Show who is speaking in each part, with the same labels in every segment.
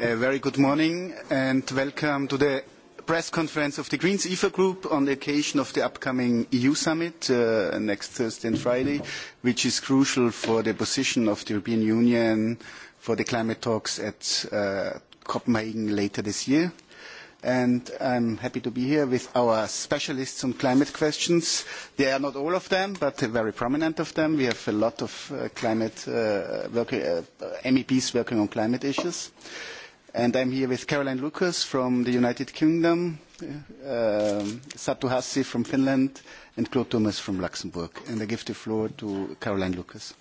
Speaker 1: A very good morning and welcome to the press conference of the Greens EFA Group on the occasion of the upcoming EU summit next Thursday and Friday, which is crucial for the position of the European Union for the climate talks at Copenhagen later this year. I'm happy to be here with our specialists on climate questions. They are not all of them, but very prominent of them. We have a lot of climate MEPs working on climate issues. And I'm here with Caroline Lucas from the United Kingdom, Satu Hassi from Finland, and Claude Thomas from Luxembourg. And I give the floor to Caroline Lucas.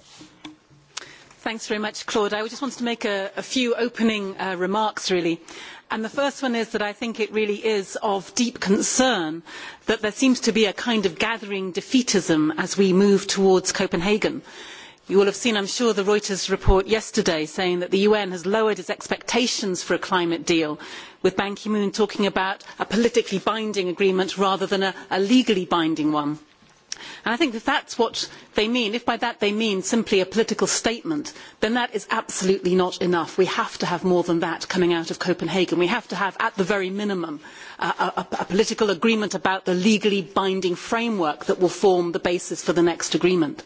Speaker 2: Thanks very much, Claude. I just wanted to make a, a few opening remarks, really. And the first one is that I think it really is of deep concern that there seems to be a kind of gathering defeatism as we move towards Copenhagen You will have seen, I am sure, the Reuters report yesterday saying that the UN has lowered its expectations for a climate deal, with Ban Ki-moon talking about a politically binding agreement rather than a, legally binding one. I think if that is what they mean, if by that they mean simply a political statement, then that is absolutely not enough. We have to have more than that coming out of Copenhagen. We have to have, at the very minimum, a political agreement about the legally binding framework that will form the basis for the next agreement.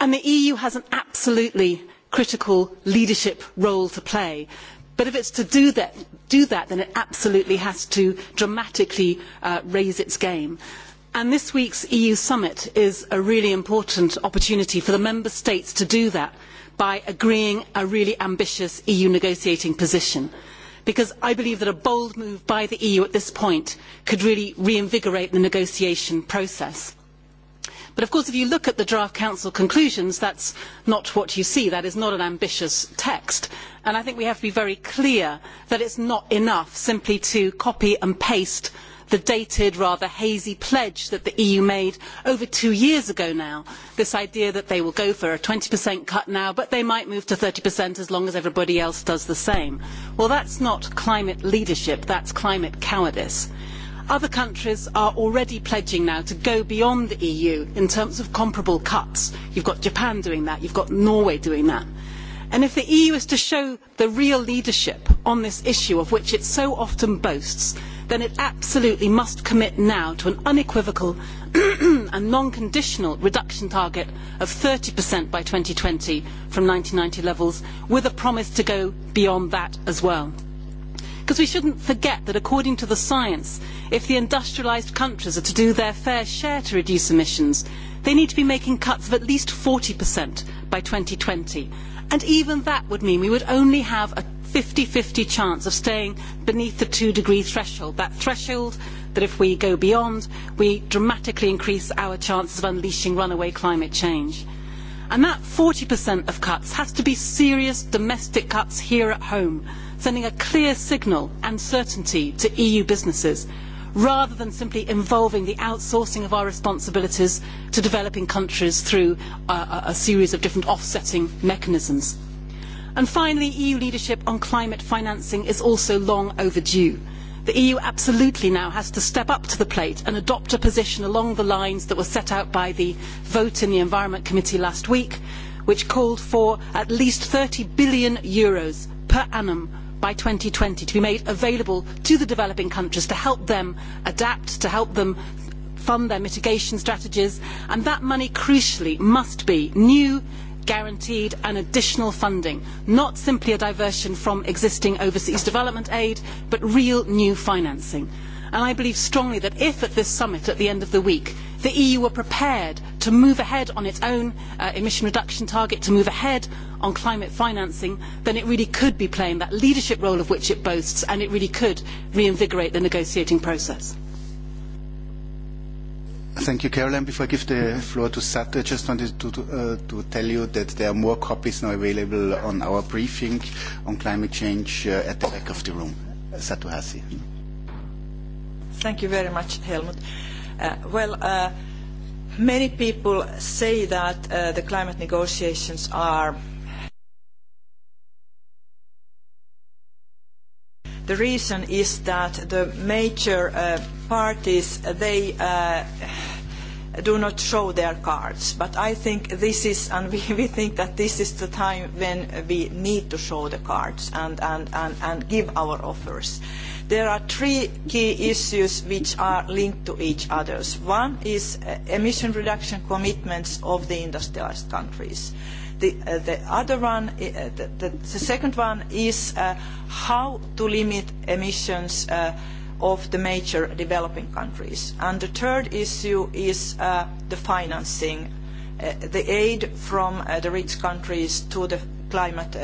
Speaker 2: And the EU has an absolutely critical leadership role to play. But if it is to do that, then it absolutely has to dramatically raise its game. And this week's EU summit is a really important opportunity for the member states to do that by agreeing a really ambitious EU negotiating position. Because I believe that a bold move by the EU at this point could really reinvigorate the negotiation process But of course, if you look at the draft council conclusions, that is not what you see. That is not an ambitious text. And I think we have to be very clear that it is not enough simply to copy and paste the dated, rather hazy pledge that the EU made over two years ago now. This idea that they will go for a 20% cut now, but they might move to 30% as long as everybody else does the same. Well, that is not climate leadership, that is climate cowardice. Other countries are already pledging now to go beyond the EU in terms of comparable cuts. You've got Japan doing that, you've got Norway doing that. And if the EU is to show the real leadership on this issue of which it so often boasts, then it absolutely must commit now to an unequivocal and non-conditional reduction target of 30% by twenty from ninety levels, with a promise to go beyond that as well. Because we shouldn't forget that according to the science, if the industrialised countries are to do their fair share to reduce emissions, they need to be making cuts of at least 40% by twenty. And even that would mean we would only have a fifty fifty chance of staying beneath the two degree threshold, that threshold that if we go beyond, we dramatically increase our chances of unleashing runaway climate change. And that 40% of cuts has to be serious domestic cuts here at home sending a clear signal and certainty to EU businesses, rather than simply involving the outsourcing of our responsibilities to developing countries through a, series of different offsetting mechanisms. And finally, EU leadership on climate financing is also long overdue. The EU absolutely now has to step up to the plate and adopt a position along the lines that were set out by the vote in the Environment Committee last week, which called for at least EUR thirty billion per annum by two thousand and twenty to be made available to the developing countries to help them adapt, to help them fund their mitigation strategies. And that money, crucially, must be new, guaranteed and additional funding, not simply a diversion from existing overseas development aid, but real new financing. And I believe strongly that if at this summit at the end of the week the EU were prepared to move ahead on its own emission reduction target, to move ahead on climate financing, then it really could be playing that leadership role of which it boasts and it really could reinvigorate the negotiating process.
Speaker 1: Thank you, Caroline. Before I give the floor to Sat, I just wanted to tell you that there are more copies now available on our briefing on climate change at the back of the room. Satu Hassi.
Speaker 3: Thank you very much, Helmut. well, many people say that the climate negotiations are The reason is that the major parties, they do not show their cards. But I think this is, and we, we think that this is the time when we need to show the cards and, and, and, and give our offers. Uh, There are three key issues which are linked to each other. One is emission reduction commitments of the industrialised countries. The, second one is how to limit emissions of the major developing countries. the third issue is the financing, the aid from the rich countries to the climate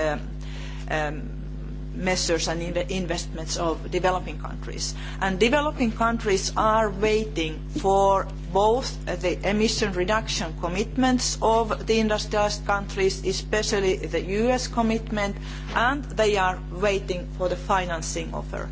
Speaker 3: measures and investments of developing countries. And developing countries are waiting for both the emission reduction commitments of the industrialised countries, especially the US commitment, and they are waiting for the financing offer.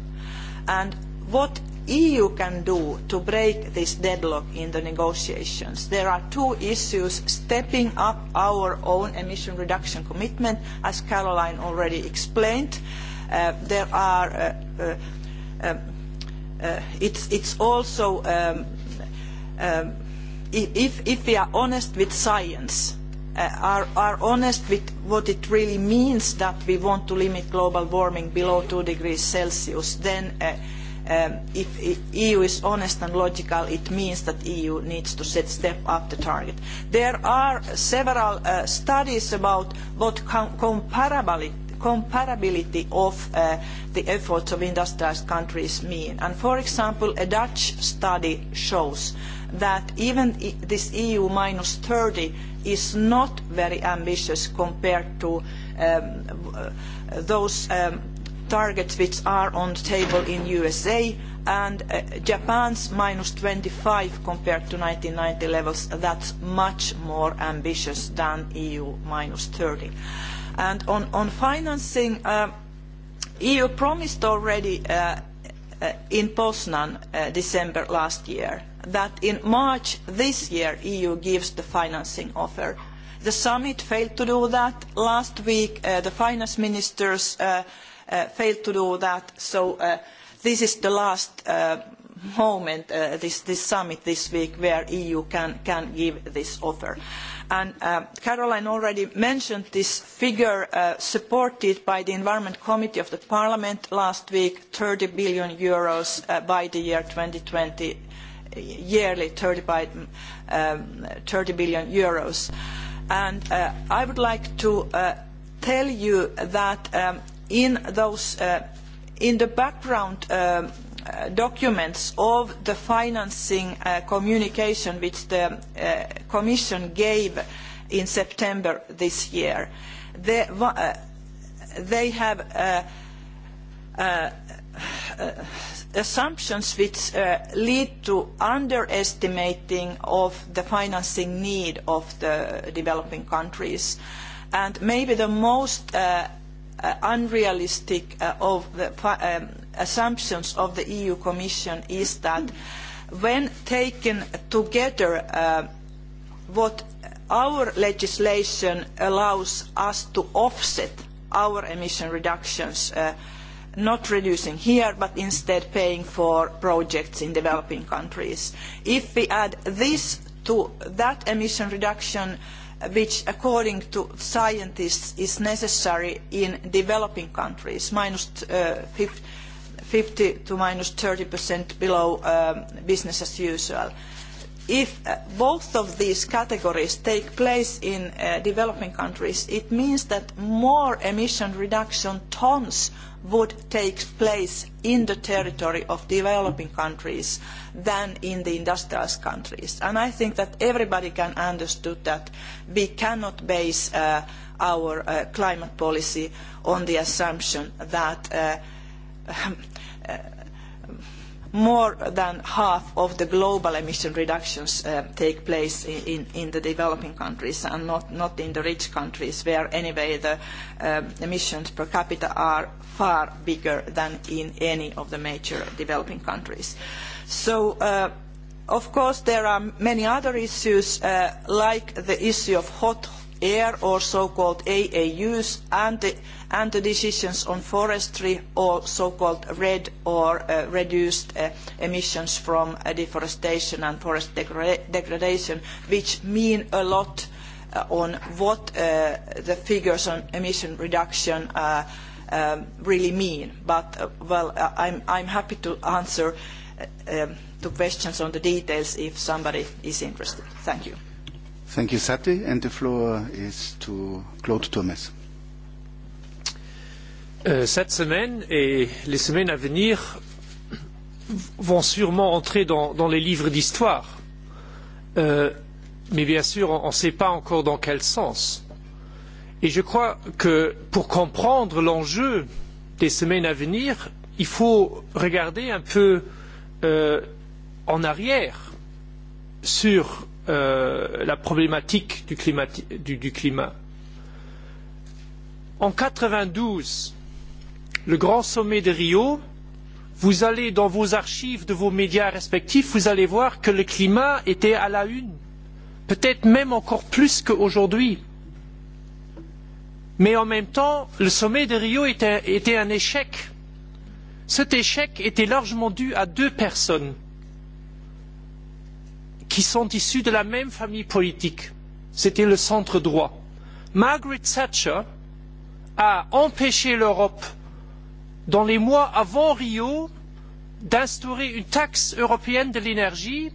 Speaker 3: And what the EU can do to break this deadlock in the negotiations. There are two issues, stepping up our own emission reduction commitment, as Caroline already explained, there are it's it's also if if we are honest with science are are honest with what it really means that we want to limit global warming below 2 degrees celsius then if the EU is honest and logical, it means that the EU needs to step up the target. There are several studies about what comparability comparability of the efforts of industrialised countries mean. for example, a Dutch study shows that even this EU minus thirty is not very ambitious compared to those targets which are on the table in USA and Japan's minus twenty five compared to ninety levels, that's much more ambitious than EU minus thirty. And on, financing, the EU promised already in Poznan December last year that in March this year the EU gives the financing offer. The summit failed to do that. Last week the finance ministers failed to do that. So this is the last moment, this, summit this week, where the EU can, give this offer caroline already mentioned this figure supported by the environment committee of the parliament last week eur thirty billion by the year two thousand and twenty yearly eur thirty billion. i would like to tell you that in the background documents of the financing communication which the Commission gave in September this year. They have assumptions which lead to underestimating of the financing need of the developing countries. And maybe the most unrealistic of the assumptions of the EU Commission is that when taken together, what our legislation allows us to offset our emission reductions, not reducing here, but instead paying for projects in developing countries. If we add this to that emission reduction, which according to scientists is necessary in developing countries, minus uh, 50 to minus 30% below business as usual. If both of these categories take place in developing countries, it means that more emission reduction tons would take place in the territory of developing countries than in the industrialised countries. I think that everybody can understand that we cannot base our climate policy on the assumption that more than half of the global emission reductions take place in, the developing countries and not, in the rich countries where anyway the emissions per capita are far bigger than in any of the major developing countries. So of course there are many other issues like the issue of hot air or so-called AAUs and the, decisions on forestry or so-called red or reduced emissions from deforestation and forest degradation, which mean a lot on what the figures on emission reduction really mean. But, well, I'm, I'm happy to answer to questions on the details if somebody is interested. Thank you.
Speaker 1: Thank you, Sati. And the floor is to Claude Thomas.
Speaker 4: Cette semaine et les semaines à venir vont sûrement entrer dans, les livres d'histoire. mais bien sûr, on ne sait pas encore dans quel sens. Et je crois que pour comprendre l'enjeu des semaines à venir, il faut regarder un peu en arrière sur la problématique du, climat. En quatre vingt douze, le grand sommet de Rio, vous allez dans vos archives de vos médias respectifs, vous allez voir que le climat était à la une, peut-être même encore plus qu'aujourd'hui. Mais en même temps, le sommet de Rio était un échec. Cet échec était largement dû à deux personnes qui sont issus de la même famille politique. C'était le centre droit. Margaret Thatcher a empêché l'Europe, dans les mois avant Rio, d'instaurer une taxe européenne de l'énergie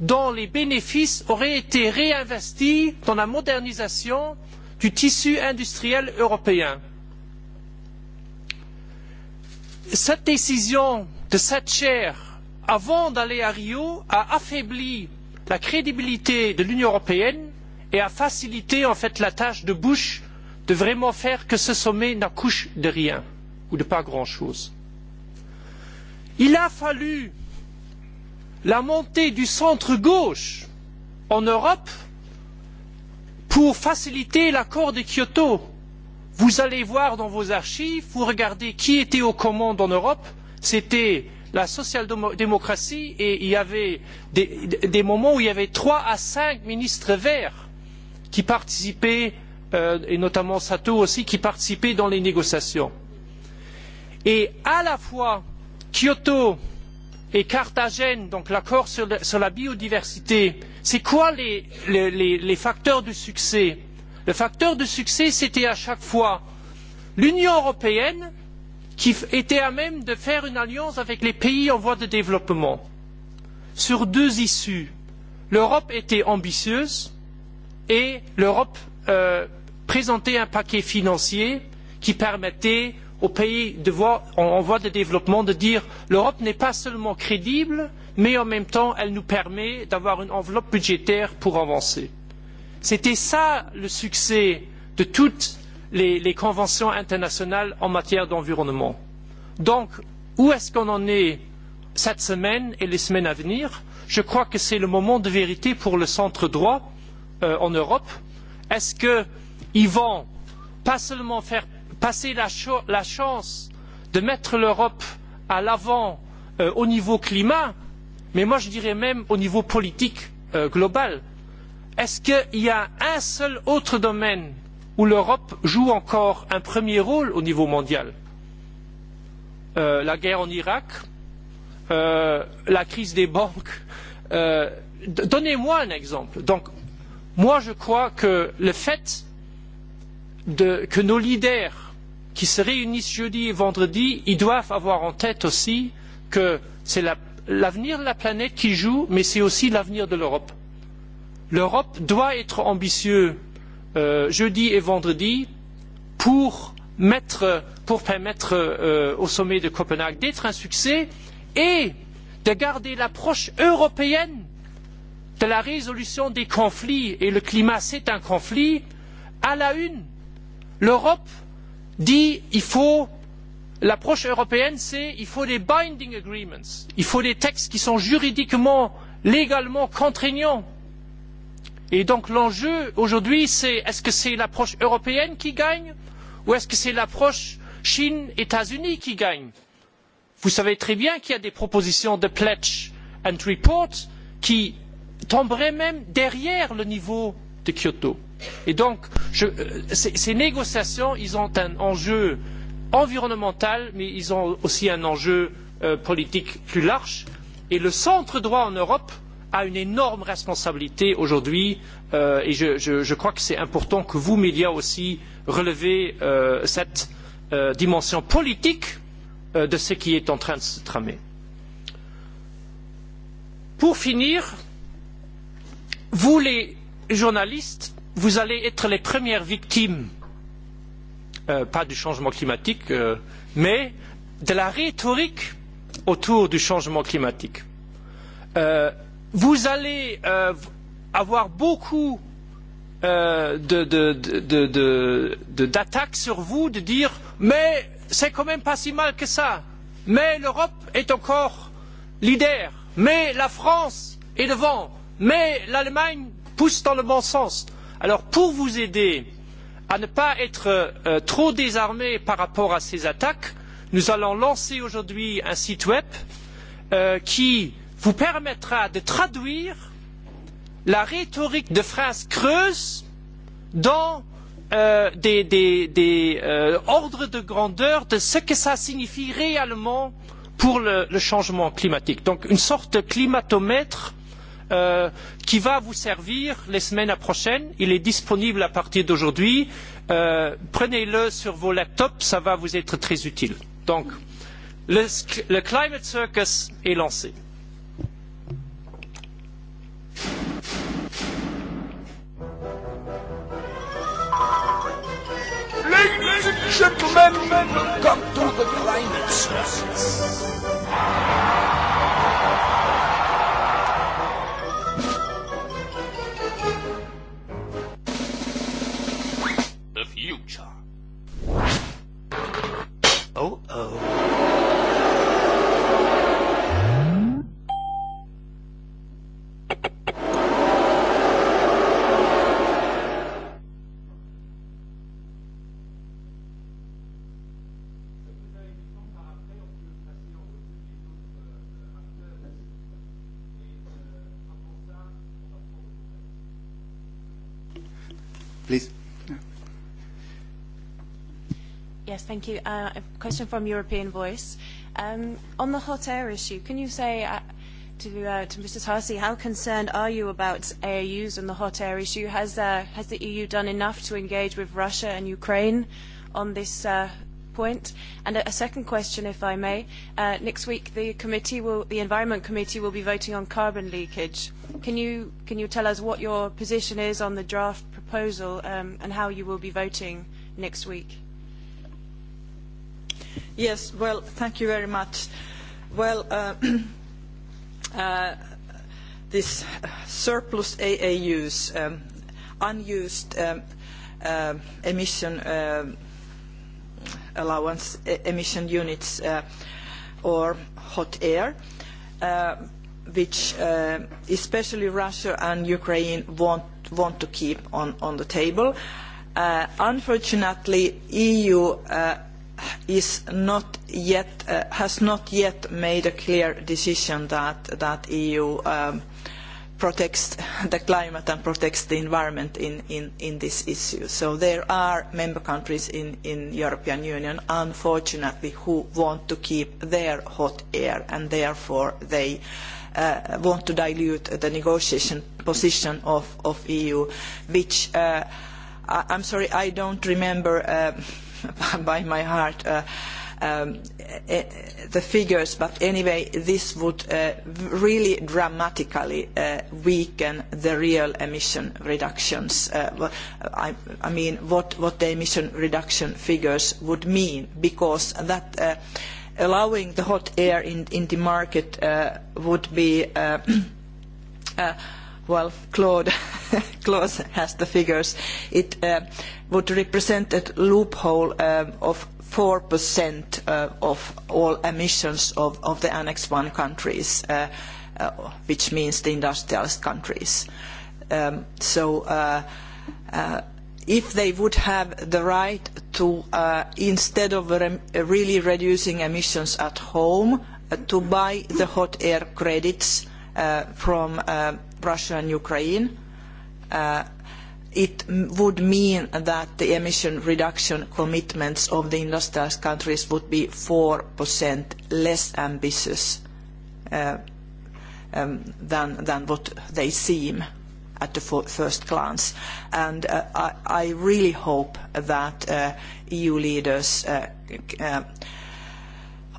Speaker 4: dont les bénéfices auraient été réinvestis dans la modernisation du tissu industriel européen. Cette décision de Thatcher avant d'aller à Rio, a affaibli la crédibilité de l'Union européenne et a facilité en fait la tâche de Bush de vraiment faire que ce sommet n'accouche de rien ou de pas grand-chose. Il a fallu la montée du centre-gauche en Europe pour faciliter l'accord de Kyoto. Vous allez voir dans vos archives, vous regardez qui était aux commandes en Europe, c'était la social-démocratie et il y avait des, moments où il y avait trois à cinq ministres verts qui participaient, et notamment Sato aussi, qui participaient dans les négociations. Et à la fois Kyoto et Carthagène, donc l'accord sur, la biodiversité, c'est quoi les, facteurs de succès Le facteur de succès, c'était à chaque fois l'Union européenne qui était à même de faire une alliance avec les pays en voie de développement. Sur deux issues, l'Europe était ambitieuse et l'Europe présentait un paquet financier qui permettait aux pays en voie de développement de dire l'Europe n'est pas seulement crédible, mais en même temps elle nous permet d'avoir une enveloppe budgétaire pour avancer. C'était cela le succès de toute les, conventions internationales en matière d'environnement. Donc, où est-ce qu'on en est cette semaine et les semaines à venir Je crois que c'est le moment de vérité pour le centre droit en Europe. Est-ce qu'ils vont pas seulement faire passer la, chance de mettre l'Europe à l'avant au niveau climat, mais moi je dirais même au niveau politique global Est-ce qu'il y a un seul autre domaine où l'Europe joue encore un premier rôle au niveau mondial. la guerre en Irak, la crise des banques. Donnez-moi un exemple. Donc, moi, je crois que le fait que nos leaders qui se réunissent jeudi et vendredi, ils doivent avoir en tête aussi que c'est l'avenir de la planète qui joue, mais c'est aussi l'avenir de l'Europe. L'Europe doit être ambitieuse jeudi et vendredi pour, permettre au sommet de Copenhague d'être un succès et de garder l'approche européenne de la résolution des conflits et le climat c'est un conflit à la une l'Europe dit il faut l'approche européenne c'est il faut des binding agreements il faut des textes qui sont juridiquement légalement contraignants Et donc l'enjeu aujourd'hui, c'est est-ce que c'est l'approche européenne qui gagne ou est-ce que c'est l'approche Chine-États-Unis qui gagne Vous savez très bien qu'il y a des propositions de pledge and report qui tomberaient même derrière le niveau de Kyoto. Et donc ces, négociations, ont un enjeu environnemental, mais ils ont aussi un enjeu politique plus large. Et le centre droit en Europe, a une énorme responsabilité aujourd'hui et je, crois que c'est important que vous, médias aussi, relevez cette dimension politique de ce qui est en train de se tramer. Pour finir, vous les journalistes, vous allez être les premières victimes, pas du changement climatique, mais de la rhétorique autour du changement climatique vous allez avoir beaucoup d'attaques sur vous de dire mais c'est quand même pas si mal que ça mais l'Europe est encore leader mais la France est devant mais l'Allemagne pousse dans le bon sens. Alors pour vous aider à ne pas être trop désarmé par rapport à ces attaques, nous allons lancer aujourd'hui un site web qui vous permettra de traduire la rhétorique de phrases creuses dans des, ordres de grandeur de ce que cela signifie réellement pour le, changement climatique. Donc une sorte de climatomètre qui va vous servir les semaines prochaines. Il est disponible à partir d'aujourd'hui. Prenez-le sur vos laptops, cela va vous être très utile. Donc le Climate Circus est lancé.
Speaker 3: gentlemen, welcome to the climate service.
Speaker 2: The future.
Speaker 4: Oh, oh.
Speaker 2: Yes, thank you. a question from European Voice. Um, on the hot air issue, can you say uh, to, uh, to Mr. Tarsi, how concerned are you about AAUs and the hot air issue? Has, uh, has the EU done enough to engage with Russia and Ukraine on this uh, point? And a, a second question, if I may. Uh, next week, the, committee will, the Environment Committee will be voting on carbon leakage. Can you, can you tell us what your position is on the draft proposal um, and how you will be voting next week?
Speaker 3: Yes, well, thank you very much. Well, this surplus AAUs, unused emission allowance emission units or hot air, which especially Russia and Ukraine want to keep on the table. Unfortunately, EU has not yet made a clear decision that the EU protects the climate and protects the environment in this issue. So there are member countries in the European Union, unfortunately, who want to keep their hot air and therefore they want to dilute the negotiation position of the EU, which I am sorry, I don't remember by my heart the figures, but anyway, this would really dramatically weaken the real emission reductions. I mean, what the emission reduction figures would mean, because that allowing the hot air in the market would be, well, Claude clause has the figures, it would represent a loophole of 4% of all emissions of the Annex I countries, which means the industrialised countries. So if they would have the right to, instead of really reducing emissions at home, to buy the hot air credits from Russia and Ukraine, it would mean that the emission reduction commitments of the industrialised countries would be 4% less ambitious than what they seem at the first glance. And I really hope that EU leaders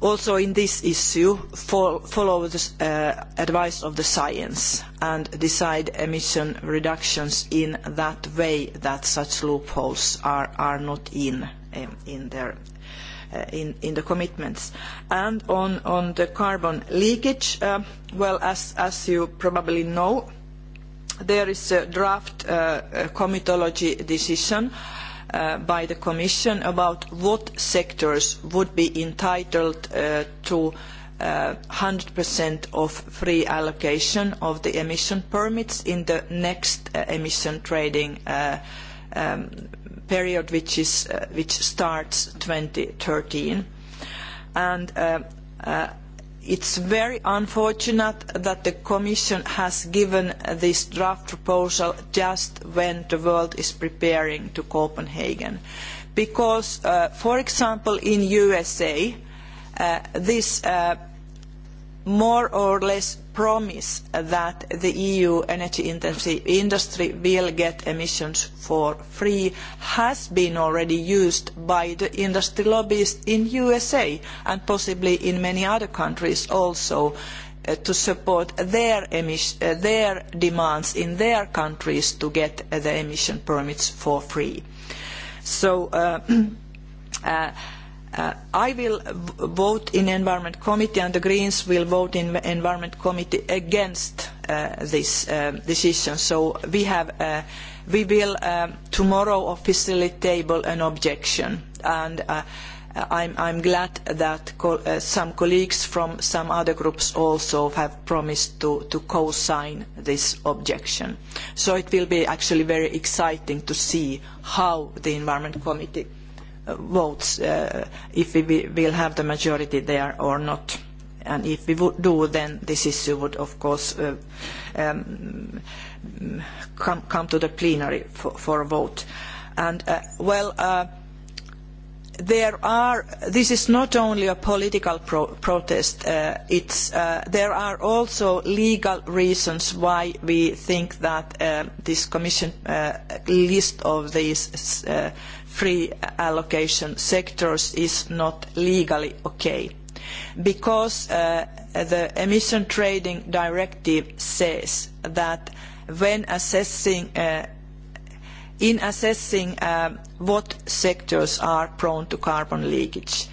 Speaker 3: also in this issue follow the advice of the science and decide emission reductions in that way that such loopholes are not in the commitments. And on the carbon leakage, well, as you probably know, there is a draft comitology decision uh, by the Commission about what sectors would be entitled to 100% of free allocation of the emission permits in the next emission trading period, which starts 2013. And It is very unfortunate that the Commission has given this draft proposal just when the world is preparing to Copenhagen. Because, for example, in the USA, this more or less promise that the EU energy intensive industry will get emissions for free has been already used by the industry lobbyists in the USA and possibly in many other countries also to support their, demands in their countries to get the emission permits for free. So I will vote in Environment Committee and the Greens will vote in Environment Committee against this decision. So we have, we will tomorrow officially table an objection and I am glad that some colleagues from some other groups also have promised to, co-sign this objection. So it will be actually very exciting to see how the Environment Committee votes if we will have the majority there or not. And if we would do, then this issue would, of course, come to the plenary for a vote. And, well, this is not only a political protest, there are also legal reasons why we think that this Commission list of these free allocation sectors is not legally okay because the emission trading directive says that when assessing in assessing what sectors are prone to carbon leakage.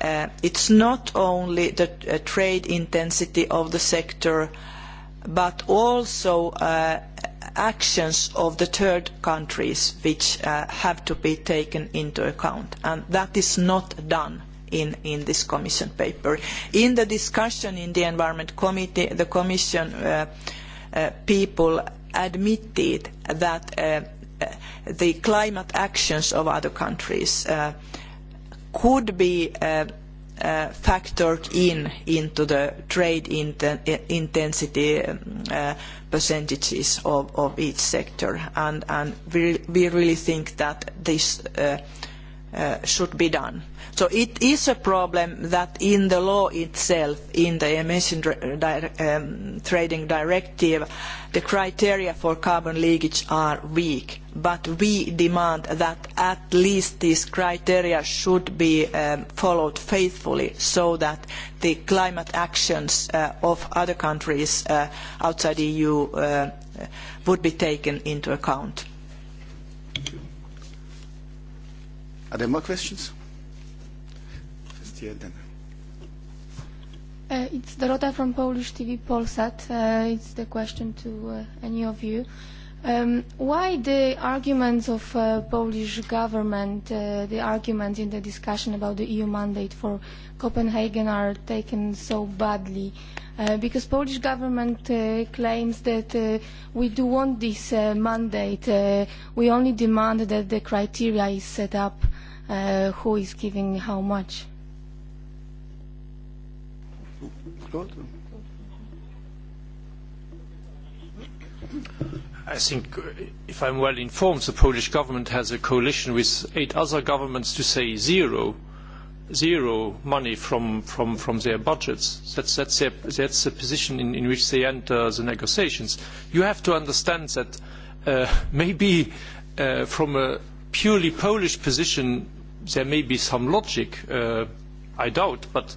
Speaker 3: It is not only the trade intensity of the sector, but also actions of the third countries which have to be taken into account. And that is not done in, in this Commission paper. In the discussion in the Environment Committee, the Commission people admitted that the climate actions of other countries could be factored in into the trade intensity percentages of each sector. And we really think that this should be done. So it is a problem that in the law itself, in the emission trading directive, the criteria for carbon leakage are weak. But we demand that at least these criteria should be followed faithfully so that the climate actions of other countries outside the EU would be taken into account
Speaker 1: Are there more questions? Just here then. Uh, it's Dorota from Polish TV Polsat. Uh, it's the question to uh, any of you. Um, why the arguments of uh, Polish government, uh, the arguments in the discussion about the EU mandate for Copenhagen are taken so badly? Uh, because Polish government uh, claims that uh, we do want this uh, mandate. Uh, we only demand that the criteria is set up uh, uh, who is giving how much.
Speaker 4: I think, if I'm well informed, the Polish government has a coalition with eight other governments to say zero, zero money from, from, from their budgets. That's, that's, their, that's the position in, in which they enter the negotiations. You have to understand that uh, maybe uh, from a purely Polish position, there may be some logic, I doubt, but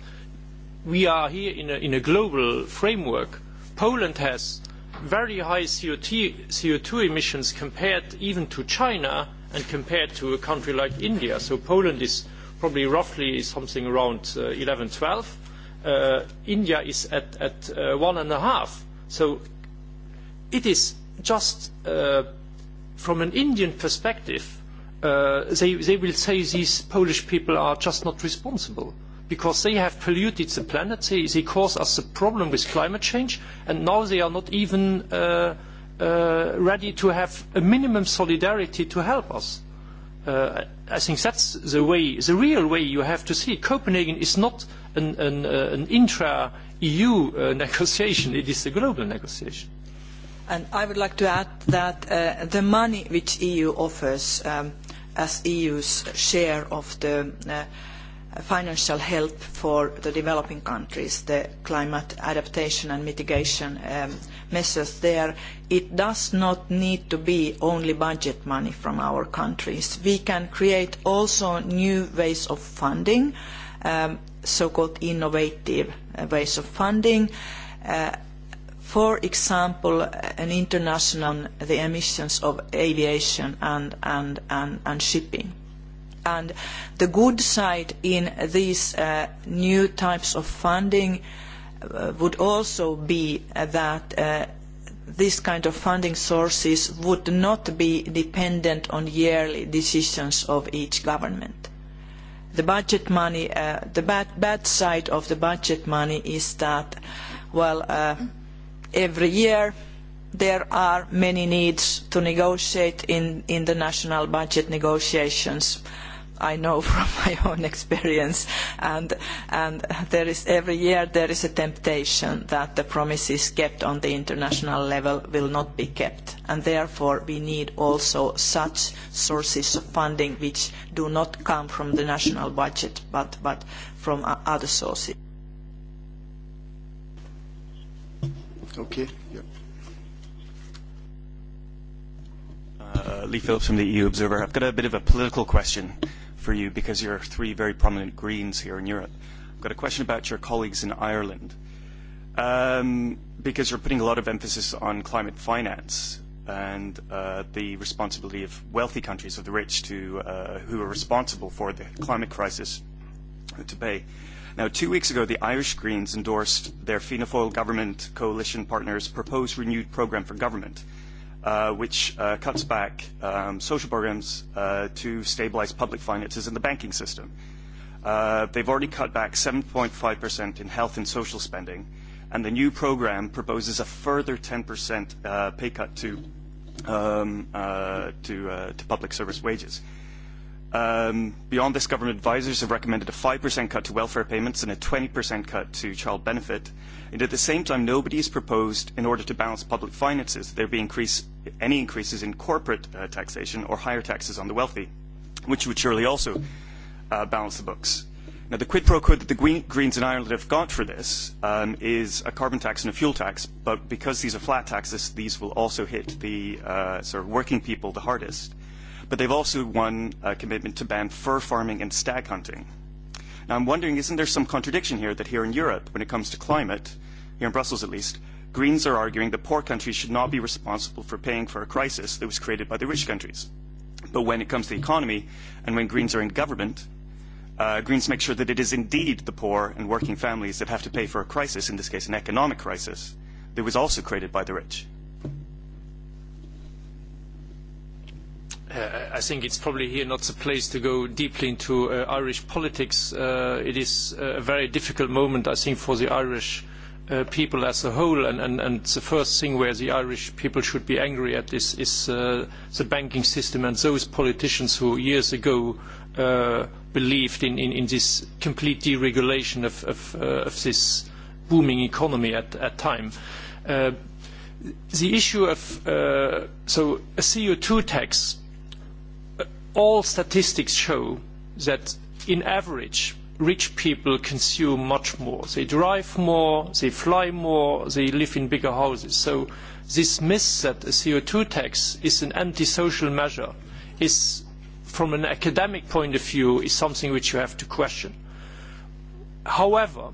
Speaker 4: we are here in a, global framework. Poland has very high co two emissions compared even to China and compared to a country like India. So Poland is probably roughly something around eleven 11-12. India is at, at uh, one and a half. So it is just from an Indian perspective, they, they will say these Polish people are just not responsible because they have polluted the planet, they, they cause us a problem with climate change, and now they are not even ready to have a minimum solidarity to help us. I think that's the way, the real way you have to see it. Copenhagen is not an, an, uh, an intra-EU negotiation, it is a global negotiation.
Speaker 3: And I would like to add that the money which the EU offers as EU's share of the financial help for the developing countries, the climate adaptation and mitigation measures there, it does not need to be only budget money from our countries. We can create also new ways of funding, so-called innovative ways of funding, for example, an international, the emissions of aviation and, and, and, and shipping. And the good side in these uh, new types of funding would also be that uh, these kind of funding sources would not be dependent on yearly decisions of each government. The budget money, uh, the bad, bad side of the budget money is that, well, uh, every year there are many needs to negotiate in, in the national budget negotiations. I know from my own experience, and, and there is, every year there is a temptation that the promises kept on the international level will not be kept, and therefore we need also such sources of funding which do not come from the national budget but, but from other sources.
Speaker 1: Okay. Yeah.
Speaker 5: Uh, Lee Phillips from the EU Observer. I've got a bit of a political question for you because you're three very prominent Greens here in Europe. I've got a question about your colleagues in Ireland um, because you're putting a lot of emphasis on climate finance and uh, the responsibility of wealthy countries, of the rich, to uh, who are responsible for the climate crisis to pay. Uh, Now, two weeks ago, the Irish Greens endorsed their Fianna Fáil government coalition partners' proposed renewed programme for government, uh, which uh, cuts back um, social programmes uh, to stabilise public finances in the banking system. Uh, they've already cut back 7.5% in health and social spending, and the new programme proposes a further 10% uh, pay cut to, um, uh, to, uh, to public service wages. Uh, beyond this, government advisers have recommended a 5% cut to welfare payments and a 20% cut to child benefit. And at the same time, nobody has proposed, in order to balance public finances, there be increase, any increases in corporate uh, taxation or higher taxes on the wealthy, which would surely also uh, balance the books. Now, the quid pro quo that the Greens in Ireland have got for this um, is a carbon tax and a fuel tax, but because these are flat taxes, these will also hit the uh, sort of working people the hardest but they've also won a commitment to ban fur farming and stag hunting. Now, I'm wondering, isn't there some contradiction here that here in Europe, when it comes to climate, here in Brussels at least, Greens are arguing that poor countries should not be responsible for paying for a crisis that was created by the rich countries. But when it comes to the economy and when Greens are in government, uh, Greens make sure that it is indeed the poor and working families that have to pay for a crisis, in this case an economic crisis, that was also created by the rich.
Speaker 4: I think it's probably here not the place to go deeply into Irish politics. it is a very difficult moment, I think, for the Irish people as a whole, and, the first thing where the Irish people should be angry at is, the banking system and those politicians who years ago believed in, this complete deregulation of, this booming economy at, at time the issue of so a CO2 tax all statistics show that on average rich people consume much more. They drive more, they fly more, they live in bigger houses. So this myth that a co two tax is an antisocial measure is, from an academic point of view, is something which you have to question. However,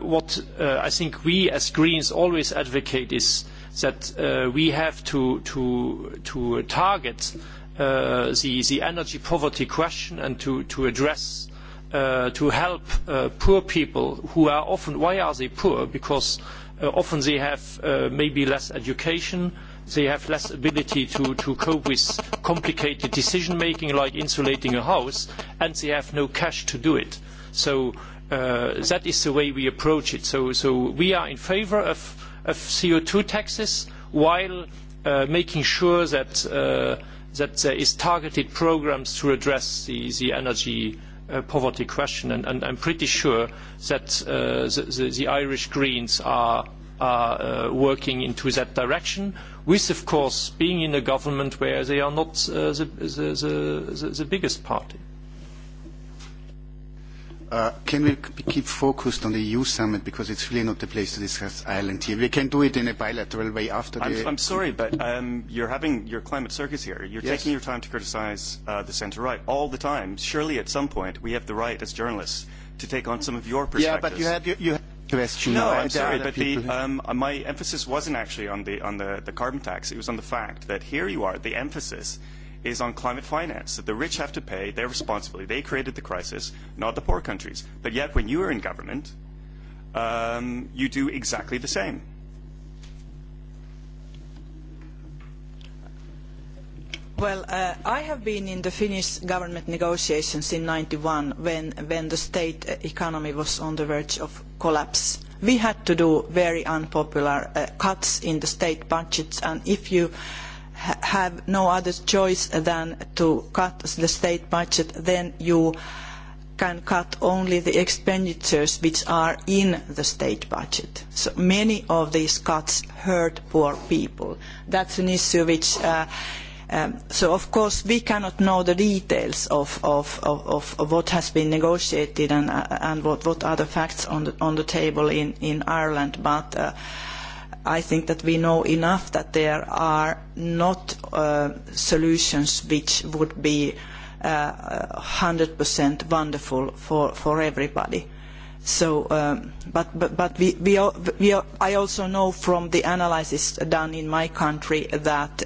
Speaker 4: what I think we as Greens always advocate is that we have to, target uh, the energy poverty question and to address to help poor people who are often why are they poor because often they have maybe less education they have less ability to cope with complicated decision making like insulating a house and they have no cash to do it so that is the way we approach it so we are in favour of co two taxes while making sure that that there is targeted programmes to address the, energy poverty question, and, I am pretty sure that the, Irish Greens are, working in that direction, with, of course, being in a government where they are not the biggest party
Speaker 1: can we keep focused on the EU summit because it's really not the place to discuss Ireland here? We can do it in a bilateral way after I'm, the. I'm
Speaker 5: sorry, but um, you're having your climate circus here. You're yes. taking your time to criticize uh, the centre right all the time. Surely, at some point, we have the right as journalists to take on some of your perspectives. Yeah, but you had
Speaker 1: you. you had question. No, I'm sorry, but the,
Speaker 5: um, my emphasis wasn't actually on the on the, the carbon tax. It was on the fact that here you are. The emphasis is on climate finance, that the rich have to pay their responsibility. They created the crisis, not the poor countries. But yet, when you are in government, um, you do exactly the same.
Speaker 3: Well, uh, I have been in the Finnish government negotiations in 91 when, when the state economy was on the verge of collapse. We had to do very unpopular uh, cuts in the state budgets, and if you uh, have no other choice than to cut the state budget, then you can cut only the expenditures which are in the state budget. So many of these cuts hurt poor people. That's an issue which so of course we cannot know the details of, what has been negotiated and, what, other facts on the, table in, Ireland, but I think that we know enough that there are not solutions which would be uh, 100% wonderful for, for everybody. So, but but, but we, we, we I also know from the analysis done in my country that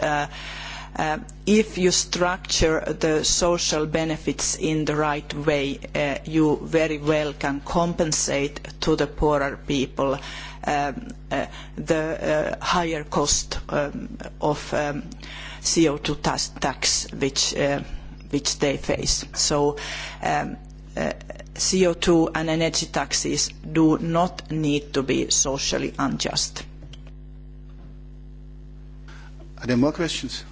Speaker 3: if you structure the social benefits in the right way, you very well can compensate to the poorer people the higher cost of co two tax which they face. So co two and energy taxes do not need to be socially unjust.
Speaker 1: Are there more questions?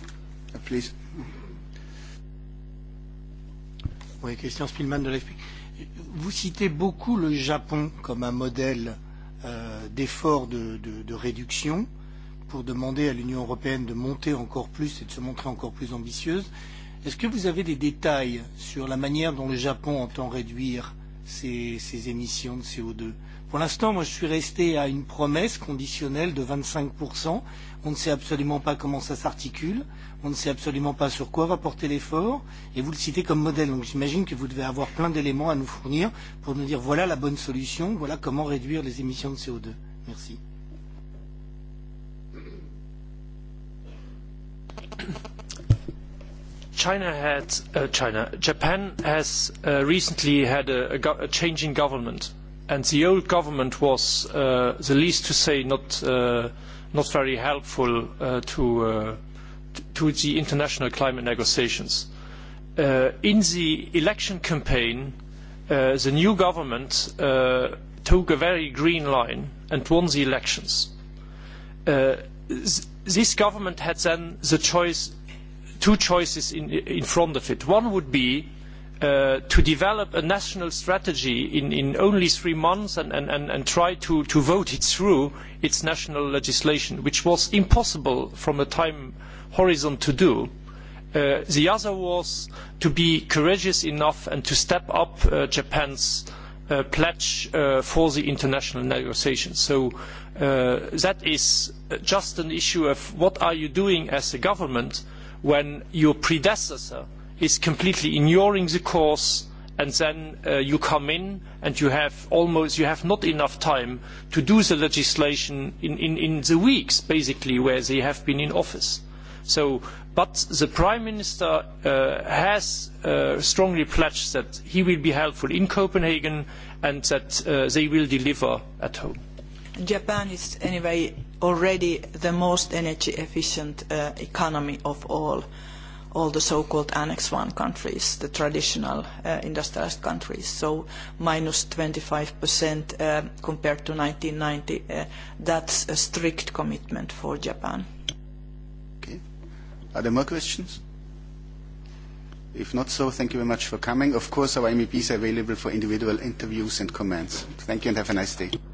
Speaker 1: Please.
Speaker 4: Oui, Christian Spielmann de l'AFP. Vous citez beaucoup le Japon comme un modèle euh, d'effort de, de, de réduction pour demander à l'Union européenne de monter encore plus et de se montrer encore plus ambitieuse. Est-ce que vous avez des détails sur la manière dont le Japon entend réduire ses, ses émissions de CO2 Pour l'instant, moi, je suis resté à une promesse conditionnelle de 25%. On ne sait absolument pas comment ça s'articule. On ne sait absolument pas sur quoi va porter l'effort. Et vous le citez comme modèle. Donc j'imagine que vous devez avoir plein d'éléments à nous fournir pour nous dire voilà la bonne solution, voilà comment réduire les émissions de CO2. Merci. China had, uh, China, Japan has uh, recently had a, a, a change in government and the old government was, uh, the least to say, not uh, not very helpful uh, to uh, to the international climate negotiations. Uh, in the election campaign, uh, the new government uh, took a very green line and won the elections. Uh, this government had then the choice, two choices in, in front of it. One would be to develop a national strategy in, only three months and, try to, vote it through its national legislation, which was impossible from a time horizon to do. the other was to be courageous enough and to step up Japan's pledge for the international negotiations. So that is just an issue of what are you doing as a government when your predecessor – is completely ignoring the course and then you come in and you have almost you have not enough time to do the legislation in, in, in the weeks basically where they have been in office. So, but the Prime Minister has strongly pledged that he will be helpful in Copenhagen and that they will deliver at home.
Speaker 3: Japan is anyway already the most energy efficient economy of all. Uh, all the so-called Annex I countries, the traditional industrialized countries, so minus 25% compared to 1990. that's a strict commitment for Japan.
Speaker 1: Okay. Are there more questions? If not so, thank you very much for coming. Of course, our MEP is available for
Speaker 5: individual interviews and comments. Thank you and have a nice day.